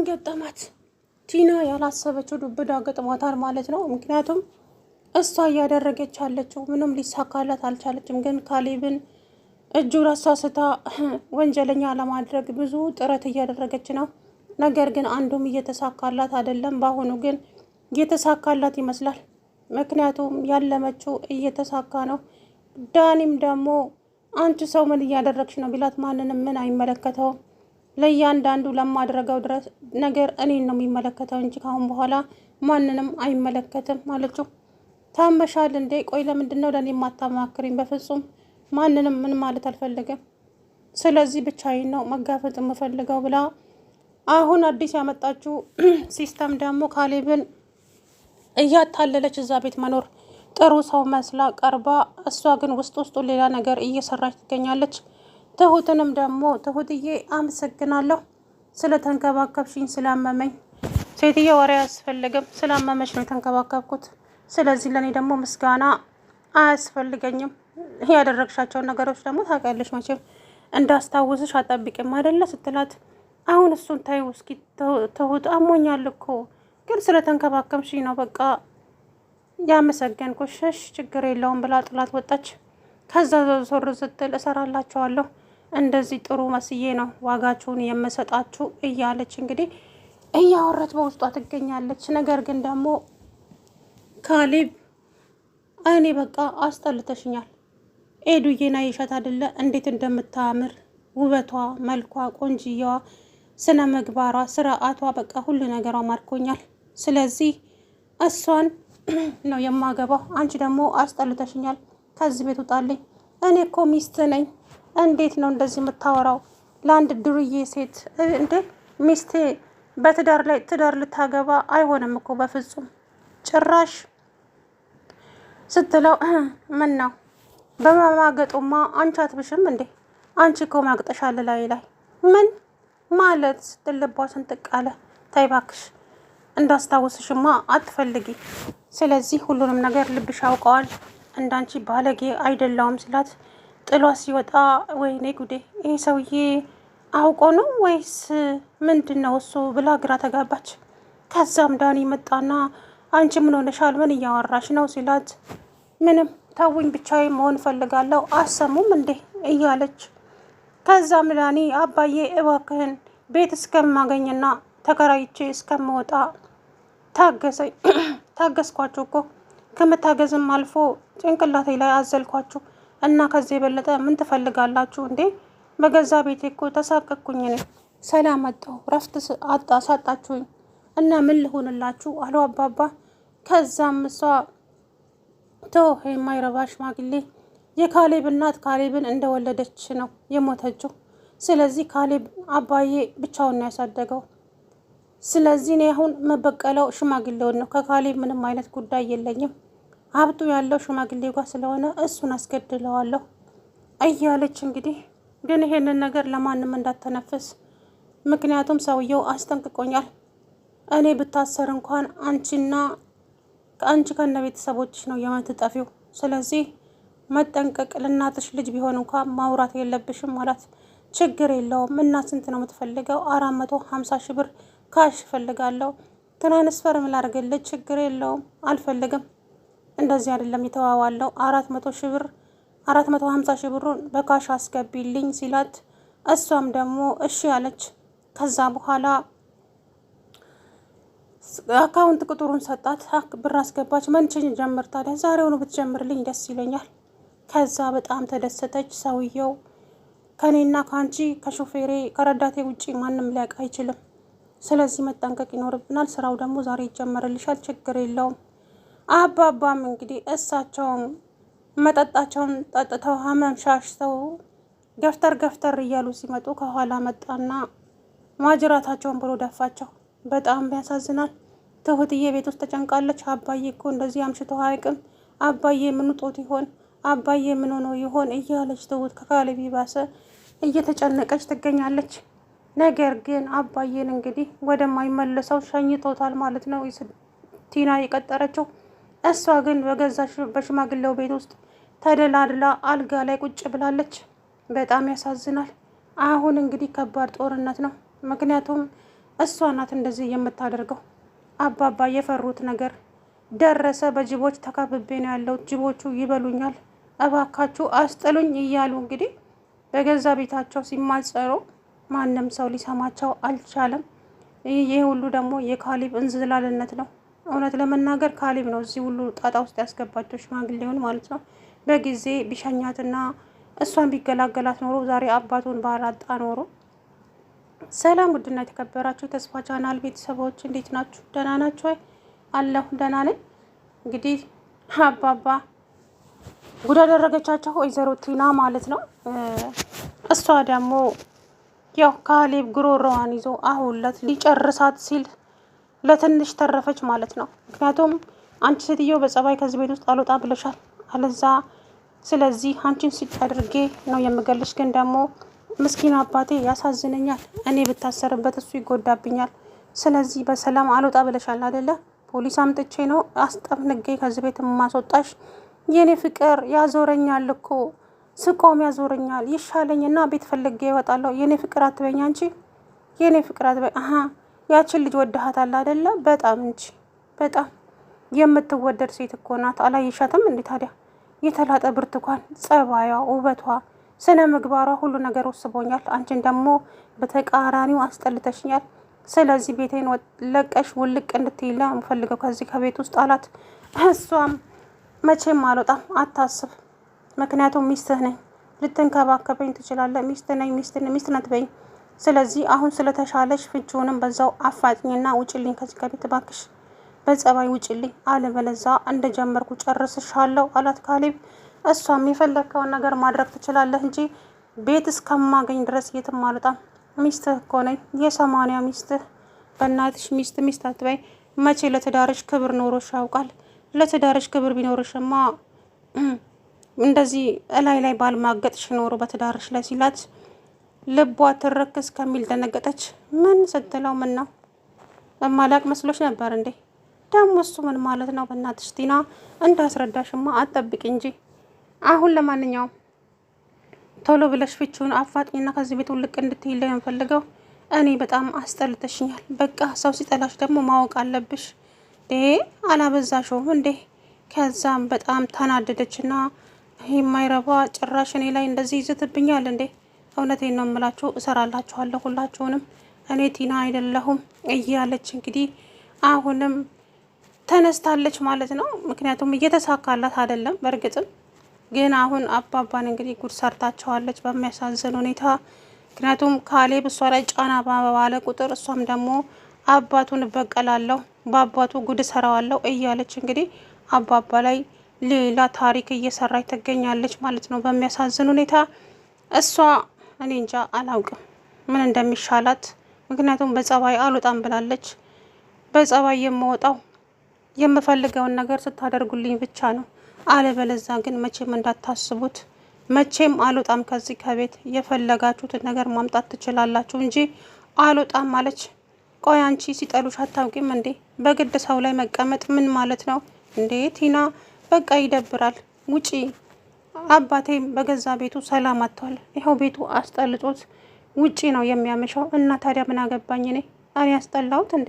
ምን ገጠማት? ቲና ያላሰበችው ዱብዳ ገጥሟታል ማለት ነው። ምክንያቱም እሷ እያደረገች ያለችው ምንም ሊሳካላት አልቻለችም። ግን ካሌብን እጁ ረሳ ስታ ወንጀለኛ ለማድረግ ብዙ ጥረት እያደረገች ነው። ነገር ግን አንዱም እየተሳካላት አይደለም። በአሁኑ ግን እየተሳካላት ይመስላል። ምክንያቱም ያለመችው እየተሳካ ነው። ዳኒም ደግሞ አንቺ ሰው ምን እያደረግሽ ነው ቢላት ማንንም ምን አይመለከተውም። ለእያንዳንዱ ለማድረገው ድረስ ነገር እኔን ነው የሚመለከተው እንጂ ካሁን በኋላ ማንንም አይመለከትም ማለችው። ታመሻል እንዴ? ቆይ ለምንድን ነው ለእኔ የማታማክሪኝ? በፍጹም ማንንም ምን ማለት አልፈልግም። ስለዚህ ብቻዬን ነው መጋፈጥ የምፈልገው ብላ አሁን አዲስ ያመጣችው ሲስተም ደግሞ ካሌብን እያታለለች እዛ ቤት መኖር ጥሩ ሰው መስላ ቀርባ፣ እሷ ግን ውስጥ ውስጡ ሌላ ነገር እየሰራች ትገኛለች። ትሁትንም ደግሞ ትሁትዬ አመሰግናለሁ ስለተንከባከብሽኝ ስላመመኝ ሴትዬ ወሬ አያስፈልግም ስላመመሽ ነው የተንከባከብኩት ስለዚህ ለእኔ ደግሞ ምስጋና አያስፈልገኝም ያደረግሻቸውን ነገሮች ደግሞ ታውቂያለሽ መቼም እንዳስታውስሽ አጠብቅም አይደለ ስትላት አሁን እሱን ታይ እስኪ ትሁት አሞኛል እኮ ግን ስለተንከባከብሽኝ ነው በቃ ያመሰገንኩሽ ችግር የለውም ብላ ጥላት ወጣች ከዛ ዞር ስትል እሰራላቸዋለሁ እንደዚህ ጥሩ መስዬ ነው ዋጋችሁን የምሰጣችሁ እያለች እንግዲህ እያወረት በውስጧ ትገኛለች። ነገር ግን ደግሞ ካሌብ እኔ በቃ አስጠልተሽኛል። ኤዱዬና የሸት አይደለ እንዴት እንደምታምር ውበቷ፣ መልኳ፣ ቆንጅየዋ፣ ስነ ምግባሯ፣ ስርዓቷ በቃ ሁሉ ነገሯ ማርኮኛል። ስለዚህ እሷን ነው የማገባው። አንቺ ደግሞ አስጠልተሽኛል። ከዚህ ቤት ውጣልኝ። እኔ እኮ ሚስት ነኝ እንዴት ነው እንደዚህ የምታወራው? ለአንድ ድሩዬ ሴት እንዴ ሚስቴ በትዳር ላይ ትዳር ልታገባ አይሆንም እኮ በፍጹም ጭራሽ ስትለው ምን ነው በማማገጡማ አንቺ አትብሽም እንዴ? አንቺ እኮ ማግጠሻል ላይ ላይ ምን ማለት ስትል ልቧ ስንጥቅ አለ። ተይ እባክሽ እንዳስታውስሽማ አትፈልጊ። ስለዚህ ሁሉንም ነገር ልብሽ አውቀዋል? እንዳንቺ ባለጌ አይደላውም ስላት ጥሏ ሲወጣ ወይኔ ጉዴ፣ ይህ ሰውዬ አውቆ ነው ወይስ ምንድን ነው እሱ ብላ ግራ ተጋባች። ከዛም ዳኒ መጣና አንቺ ምን ሆነሻል? ምን እያወራሽ ነው ሲላት፣ ምንም ታውኝ ብቻዬ መሆን ፈልጋለሁ አሰሙም እንዴ እያለች ከዛም ዳኒ አባዬ እባክህን ቤት እስከማገኝና ተከራይቼ እስከምወጣ ታገሰኝ። ታገስኳችሁ እኮ ከመታገዝም አልፎ ጭንቅላቴ ላይ አዘልኳችሁ። እና ከዚህ የበለጠ ምን ትፈልጋላችሁ እንዴ? በገዛ ቤቴ እኮ ተሳቀቅኩኝ። እኔ ሰላም አጣሁ፣ ረፍት ሳጣችሁኝ እና ምን ልሆንላችሁ አሉ አባባ። ከዛም እሷ ተወህ የማይረባ ሽማግሌ፣ የካሌብ እናት ካሌብን እንደወለደች ነው የሞተችው። ስለዚህ ካሌብ አባዬ ብቻውን ነው ያሳደገው። ስለዚህ እኔ አሁን መበቀለው ሽማግሌውን ነው። ከካሌብ ምንም አይነት ጉዳይ የለኝም። አብዱ ያለው ሽማግሌ ጋር ስለሆነ እሱን አስገድለዋለሁ እያለች እንግዲህ ግን ይሄንን ነገር ለማንም እንዳተነፍስ ምክንያቱም ሰውየው አስጠንቅቆኛል። እኔ ብታሰር እንኳን አንቺና አንቺ ከነ ቤተሰቦችሽ ነው የምትጠፊው። ስለዚህ መጠንቀቅ ልናትሽ ልጅ ቢሆን እንኳን ማውራት የለብሽም ማለት ችግር የለውም። እና ስንት ነው የምትፈልገው? አራት መቶ ሀምሳ ሺህ ብር ካሽ እፈልጋለሁ። ትራንስፈር ምላርግልህ ችግር የለውም። አልፈልግም እንደዚህ አይደለም የተዋዋለው። አራት መቶ ሺህ ብር አራት መቶ ሀምሳ ሺህ ብሩን በካሽ አስገቢልኝ ሲላት እሷም ደግሞ እሺ አለች። ከዛ በኋላ አካውንት ቁጥሩን ሰጣት። ብር አስገባች። መንችን ጀምር ታዲያ ዛሬውኑ ብትጀምርልኝ ደስ ይለኛል። ከዛ በጣም ተደሰተች። ሰውየው ከእኔና ከአንቺ ከሾፌሬ ከረዳቴ ውጪ ማንም ሊያውቅ አይችልም። ስለዚህ መጠንቀቅ ይኖርብናል። ስራው ደግሞ ዛሬ ይጀመርልሻል፣ ችግር የለውም አባባም እንግዲህ እሳቸውም መጠጣቸውን ጠጥተው ሀመም ሻሽተው ገፍተር ገፍተር እያሉ ሲመጡ ከኋላ መጣና ማጅራታቸውን ብሎ ደፋቸው። በጣም ያሳዝናል። ትሁትዬ ቤት ውስጥ ተጨንቃለች። አባዬ እኮ እንደዚህ አምሽቶ አያውቅም። አባዬ ምን ጦት ይሆን? አባዬ ምን ሆኖ ይሆን? እያለች ትሁት ከካሌብ ባሰ እየተጨነቀች ትገኛለች። ነገር ግን አባዬን እንግዲህ ወደማይመለሰው ሸኝቶታል ማለት ነው ቲና የቀጠረችው እሷ ግን በገዛ በሽማግሌው ቤት ውስጥ ተደላድላ አልጋ ላይ ቁጭ ብላለች። በጣም ያሳዝናል። አሁን እንግዲህ ከባድ ጦርነት ነው። ምክንያቱም እሷ ናት እንደዚህ የምታደርገው። አባባ የፈሩት ነገር ደረሰ። በጅቦች ተካብቤ ነው ያለው። ጅቦቹ ይበሉኛል፣ እባካችሁ አስጥሉኝ እያሉ እንግዲህ በገዛ ቤታቸው ሲማጸሩ ማንም ሰው ሊሰማቸው አልቻለም። ይህ ሁሉ ደግሞ የካሊብ እንዝላልነት ነው። እውነት ለመናገር ካሌብ ነው እዚህ ሁሉ ጣጣ ውስጥ ያስገባቸው ሽማግሌውን ማለት ነው። በጊዜ ቢሸኛትና እሷን ቢገላገላት ኖሮ ዛሬ አባቱን ባላጣ ኖሮ። ሰላም ውድና የተከበራችሁ ተስፋ ቻናል ቤተሰቦች እንዴት ናችሁ? ደህና ናችሁ? አለሁ ደህና ነኝ። እንግዲህ አባባ ጉድ ያደረገቻቸው ወይዘሮ ቲና ማለት ነው። እሷ ደግሞ ያው ካሌብ ጉሮሮዋን ይዞ አሁለት ሊጨርሳት ሲል ለትንሽ ተረፈች ማለት ነው። ምክንያቱም አንቺ ሴትዮ በጸባይ ከዚህ ቤት ውስጥ አልወጣ ብለሻል አለዛ ስለዚህ አንቺን ስጭ አድርጌ ነው የምገልሽ። ግን ደግሞ ምስኪን አባቴ ያሳዝነኛል። እኔ ብታሰርበት እሱ ይጎዳብኛል። ስለዚህ በሰላም አልወጣ ብለሻል አደለ? ፖሊስ አምጥቼ ነው አስጠፍንጌ ከዚህ ቤት የማስወጣሽ። የእኔ ፍቅር ያዞረኛል እኮ ስቆም ያዞረኛል። ይሻለኝና ቤት ፈልጌ ይወጣለሁ። የእኔ ፍቅር አትበኝ አንቺ የእኔ ፍቅር አትበኝ። ያችን ልጅ ወድሃታል አደለ? በጣም እንጂ በጣም የምትወደድ ሴት እኮ ናት። አላየሻትም እንዴ ታዲያ? የተላጠ ብርቱካን ጸባያ፣ ውበቷ፣ ስነ ምግባሯ ሁሉ ነገር ወስቦኛል። አንቺን ደግሞ በተቃራኒው አስጠልተሽኛል። ስለዚህ ቤቴን ለቀሽ ውልቅ እንድትይለ ምፈልገው ከዚህ ከቤት ውስጥ አላት። እሷም መቼም አልወጣም፣ አታስብ። ምክንያቱም ሚስትህ ነኝ። ልትንከባከበኝ ትችላለህ። ሚስት ነኝ፣ ሚስት ነኝ፣ ሚስት ነትበኝ ስለዚህ አሁን ስለተሻለች ፍቺውንም በዛው አፋጥኝና ውጭልኝ ከዚህ ከቤት ባክሽ፣ በጸባይ ውጭልኝ፣ አለበለዛ እንደጀመርኩ ጨርስሻለሁ አላት ካሌብ። እሷም የፈለግከውን ነገር ማድረግ ትችላለህ እንጂ ቤት እስከማገኝ ድረስ የትም አልወጣም። ሚስትህ እኮ ነኝ፣ የሰማንያ ሚስትህ። በእናትሽ ሚስት ሚስት አትበይ። መቼ ለትዳርሽ ክብር ኖሮሽ ያውቃል? ለትዳርሽ ክብር ቢኖርሽማ እንደዚህ እላይ ላይ ባልማገጥሽ ኖሮ በትዳርሽ ላይ ሲላት ልቧ ትረክስ ከሚል ደነገጠች። ምን ስትለው ምን ነው እማላቅ መስሎች ነበር እንዴ? ደግሞ እሱ ምን ማለት ነው? በእናትሽ ቲና እንዳስረዳሽማ አትጠብቂ እንጂ። አሁን ለማንኛውም ቶሎ ብለሽ ፍቺውን አፋጥኝና ከዚህ ቤት ውልቅ እንድትይለ የምፈልገው እኔ በጣም አስጠልተሽኛል። በቃ ሰው ሲጠላሽ ደግሞ ማወቅ አለብሽ። ዴ አላበዛሽውም እንዴ? ከዛም በጣም ተናደደችና ይህ የማይረባ ጭራሽ እኔ ላይ እንደዚህ ይዘትብኛል እንዴ እውነቴን ነው የምላችሁ፣ እሰራላችኋለሁ ሁላችሁንም፣ እኔ ቲና አይደለሁም እያለች እንግዲህ አሁንም ተነስታለች ማለት ነው። ምክንያቱም እየተሳካላት አይደለም። በእርግጥም ግን አሁን አባባን እንግዲህ ጉድ ሰርታቸዋለች በሚያሳዝን ሁኔታ። ምክንያቱም ካሌብ እሷ ላይ ጫና ባለ ቁጥር እሷም ደግሞ አባቱን እበቀላለሁ፣ በአባቱ ጉድ ሰራዋለሁ እያለች እንግዲህ አባባ ላይ ሌላ ታሪክ እየሰራች ትገኛለች ማለት ነው በሚያሳዝን ሁኔታ እሷ እኔ እንጃ አላውቅም ምን እንደሚሻላት። ምክንያቱም በጸባይ አልወጣም ብላለች። በጸባይ የምወጣው የምፈልገውን ነገር ስታደርጉልኝ ብቻ ነው። አለበለዛ ግን መቼም እንዳታስቡት መቼም አልወጣም ከዚህ ከቤት። የፈለጋችሁትን ነገር ማምጣት ትችላላችሁ እንጂ አልወጣም ማለች። ቆይ አንቺ ሲጠሉሽ አታውቂም እንዴ? በግድ ሰው ላይ መቀመጥ ምን ማለት ነው እንዴ? ቲና በቃ ይደብራል። ውጪ አባቴም በገዛ ቤቱ ሰላም አጥቷል። ይኸው ቤቱ አስጠልጦት ውጪ ነው የሚያመሻው። እና ታዲያ ምን አገባኝ እኔ እኔ ያስጠላሁት እንዴ?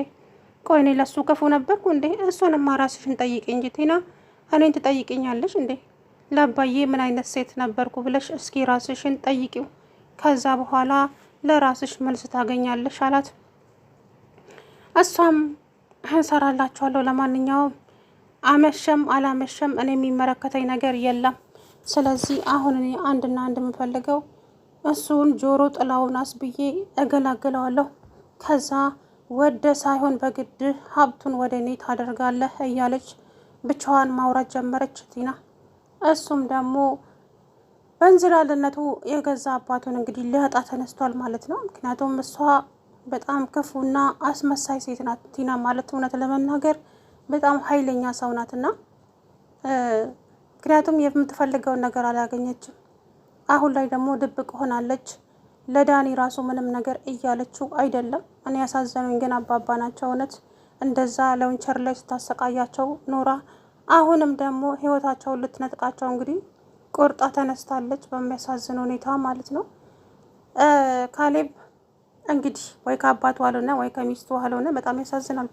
ቆይ እኔ ለሱ ክፉ ነበርኩ እንዴ? እሱንማ ራስሽን ጠይቂ እንጂ ቲና፣ እኔን ትጠይቅኛለሽ እንዴ? ለአባዬ ምን አይነት ሴት ነበርኩ ብለሽ እስኪ ራስሽን ጠይቂው። ከዛ በኋላ ለራስሽ መልስ ታገኛለሽ አላት። እሷም እንሰራላችኋለሁ፣ ለማንኛውም አመሸም አላመሸም እኔ የሚመለከተኝ ነገር የለም ስለዚህ አሁን እኔ አንድና አንድ የምፈልገው እሱን ጆሮ ጥላውን አስብዬ እገላግለዋለሁ። ከዛ ወደ ሳይሆን በግድ ሀብቱን ወደ እኔ ታደርጋለህ እያለች ብቻዋን ማውራት ጀመረች ቲና። እሱም ደግሞ በእንዝላልነቱ የገዛ አባቱን እንግዲህ ሊያጣ ተነስቷል ማለት ነው። ምክንያቱም እሷ በጣም ክፉና አስመሳይ ሴት ናት። ቲና ማለት እውነት ለመናገር በጣም ኃይለኛ ሰው ናትና ምክንያቱም የምትፈልገውን ነገር አላገኘችም። አሁን ላይ ደግሞ ድብቅ ሆናለች። ለዳኒ ራሱ ምንም ነገር እያለችው አይደለም። እኔ ያሳዘኑኝ ግን አባባ ናቸው። እውነት እንደዛ ለውንቸር ላይ ስታሰቃያቸው ኖራ አሁንም ደግሞ ህይወታቸውን ልትነጥቃቸው እንግዲህ ቆርጣ ተነስታለች። በሚያሳዝን ሁኔታ ማለት ነው። ካሌብ እንግዲህ ወይ ከአባቱ አልሆነ ወይ ከሚስቱ አልሆነ። በጣም ያሳዝናል።